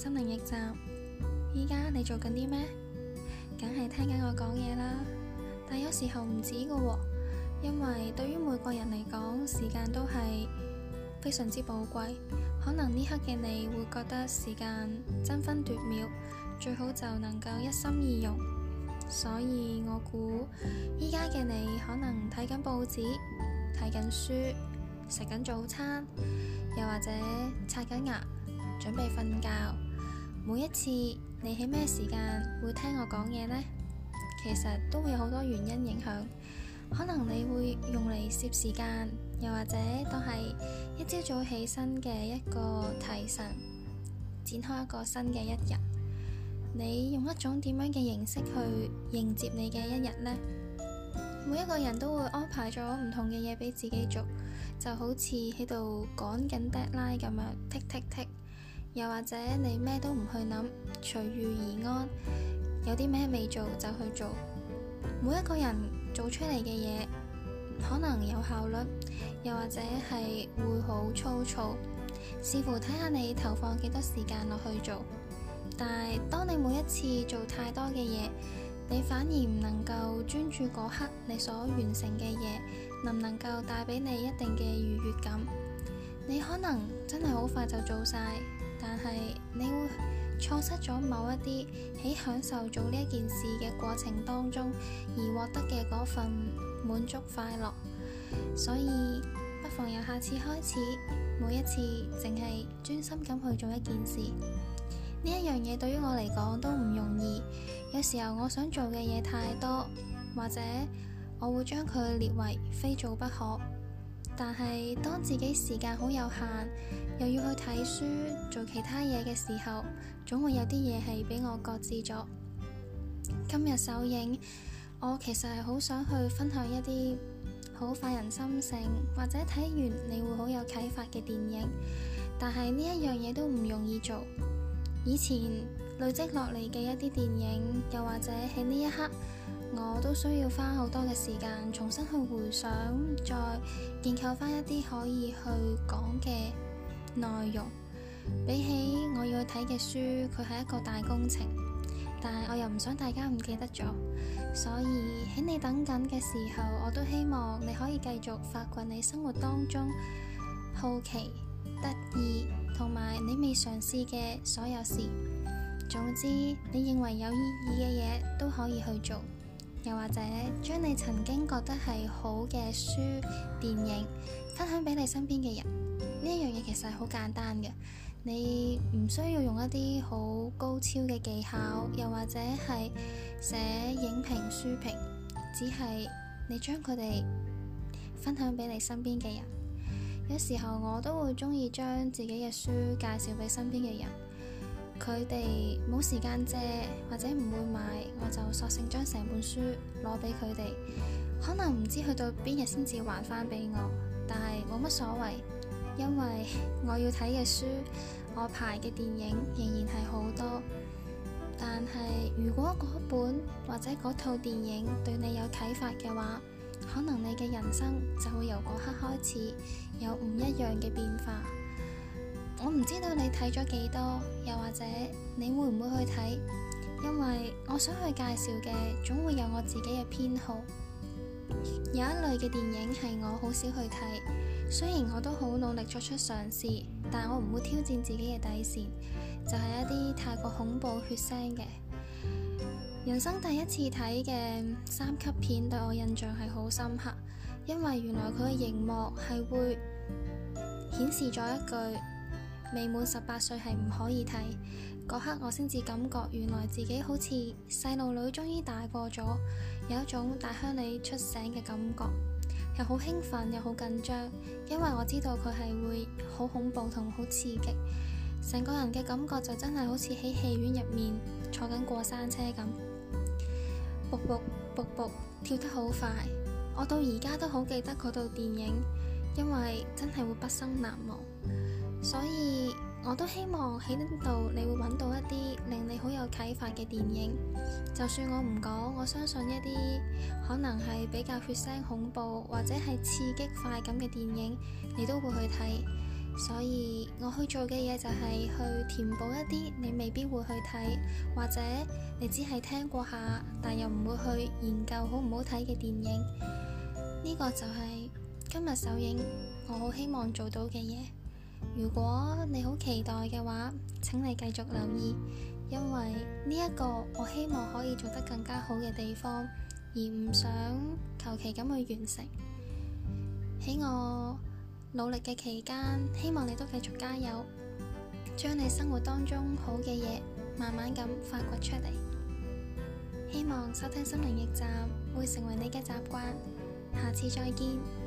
心靈驛站，依家你做緊啲咩？梗係聽緊我講嘢啦，但有時候唔止㗎喎，因為對於每個人嚟講，時間都係非常之寶貴。可能呢刻嘅你會覺得時間爭分奪秒，最好就能夠一心二用。所以我估依家嘅你可能睇緊報紙、睇緊書、食緊早餐，又或者刷緊牙，準備瞓覺。每一次你喺咩時間會聽我講嘢呢？其實都會有好多原因影響，可能你會用嚟攝時間，又或者當係一朝早起身嘅一個提神，展開一個新嘅一日。你用一種點樣嘅形式去迎接你嘅一日呢？每一個人都會安排咗唔同嘅嘢俾自己做，就好似喺度趕緊 deadline 咁樣 tick tick tick 又或者你咩都唔去諗，隨遇而安，有啲咩未做就去做。每一個人做出嚟嘅嘢可能有效率，又或者係會好粗糙，視乎睇下你投放幾多時間落去做。但係當你每一次做太多嘅嘢，你反而唔能夠專注嗰刻你所完成嘅嘢，能唔能夠帶畀你一定嘅愉悅感？你可能真係好快就做晒。但係你會錯失咗某一啲喺享受做呢一件事嘅過程當中而獲得嘅嗰份滿足快樂，所以不妨由下次開始，每一次淨係專心咁去做一件事。呢一樣嘢對於我嚟講都唔容易，有時候我想做嘅嘢太多，或者我會將佢列為非做不可。但係當自己時間好有限，又要去睇書做其他嘢嘅時候，總會有啲嘢係俾我擱置咗。今日搜影，我其實係好想去分享一啲好發人心性或者睇完你會好有啟發嘅電影，但係呢一樣嘢都唔容易做。以前累積落嚟嘅一啲電影，又或者喺呢一刻。我都需要花好多嘅時間重新去回想，再建構翻一啲可以去講嘅內容。比起我要去睇嘅書，佢係一個大工程，但係我又唔想大家唔記得咗，所以喺你等緊嘅時候，我都希望你可以繼續發掘你生活當中好奇、得意同埋你未嘗試嘅所有事。總之，你認為有意義嘅嘢都可以去做。又或者咧，將你曾經覺得係好嘅書、電影分享俾你身邊嘅人，呢一樣嘢其實係好簡單嘅，你唔需要用一啲好高超嘅技巧，又或者係寫影評、書評，只係你將佢哋分享俾你身邊嘅人。有時候我都會中意將自己嘅書介紹俾身邊嘅人。佢哋冇時間借，或者唔會買，我就索性將成本書攞俾佢哋。可能唔知去到邊日先至還返俾我，但係冇乜所謂，因為我要睇嘅書，我排嘅電影仍然係好多。但係如果嗰本或者嗰套電影對你有啟發嘅話，可能你嘅人生就會由嗰刻開始，有唔一樣嘅變化。我唔知道你睇咗幾多，又或者你會唔會去睇？因為我想去介紹嘅，總會有我自己嘅偏好。有一類嘅電影係我好少去睇，雖然我都好努力作出嘗試，但我唔會挑戰自己嘅底線，就係一啲太過恐怖血腥嘅。人生第一次睇嘅三級片，對我印象係好深刻，因為原來佢嘅熒幕係會顯示咗一句。未滿十八歲係唔可以睇。嗰刻我先至感覺，原來自己好似細路女，終於大過咗，有一種大鄉里出醒嘅感覺，又好興奮，又好緊張，因為我知道佢係會好恐怖同好刺激，成個人嘅感覺就真係好似喺戲院入面坐緊過山車咁，噗噗噗噗跳得好快。我到而家都好記得嗰部電影，因為真係會畢生難忘。所以我都希望喺呢度你會揾到一啲令你好有啟發嘅電影。就算我唔講，我相信一啲可能係比較血腥、恐怖或者係刺激快感嘅電影，你都會去睇。所以我去做嘅嘢就係去填補一啲你未必會去睇，或者你只係聽過下，但又唔會去研究好唔好睇嘅電影。呢、這個就係今日搜影，我好希望做到嘅嘢。如果你好期待嘅話，請你繼續留意，因為呢一個我希望可以做得更加好嘅地方，而唔想求其咁去完成。喺我努力嘅期間，希望你都繼續加油，將你生活當中好嘅嘢，慢慢咁發掘出嚟。希望收聽心靈驛站會成為你嘅習慣，下次再見。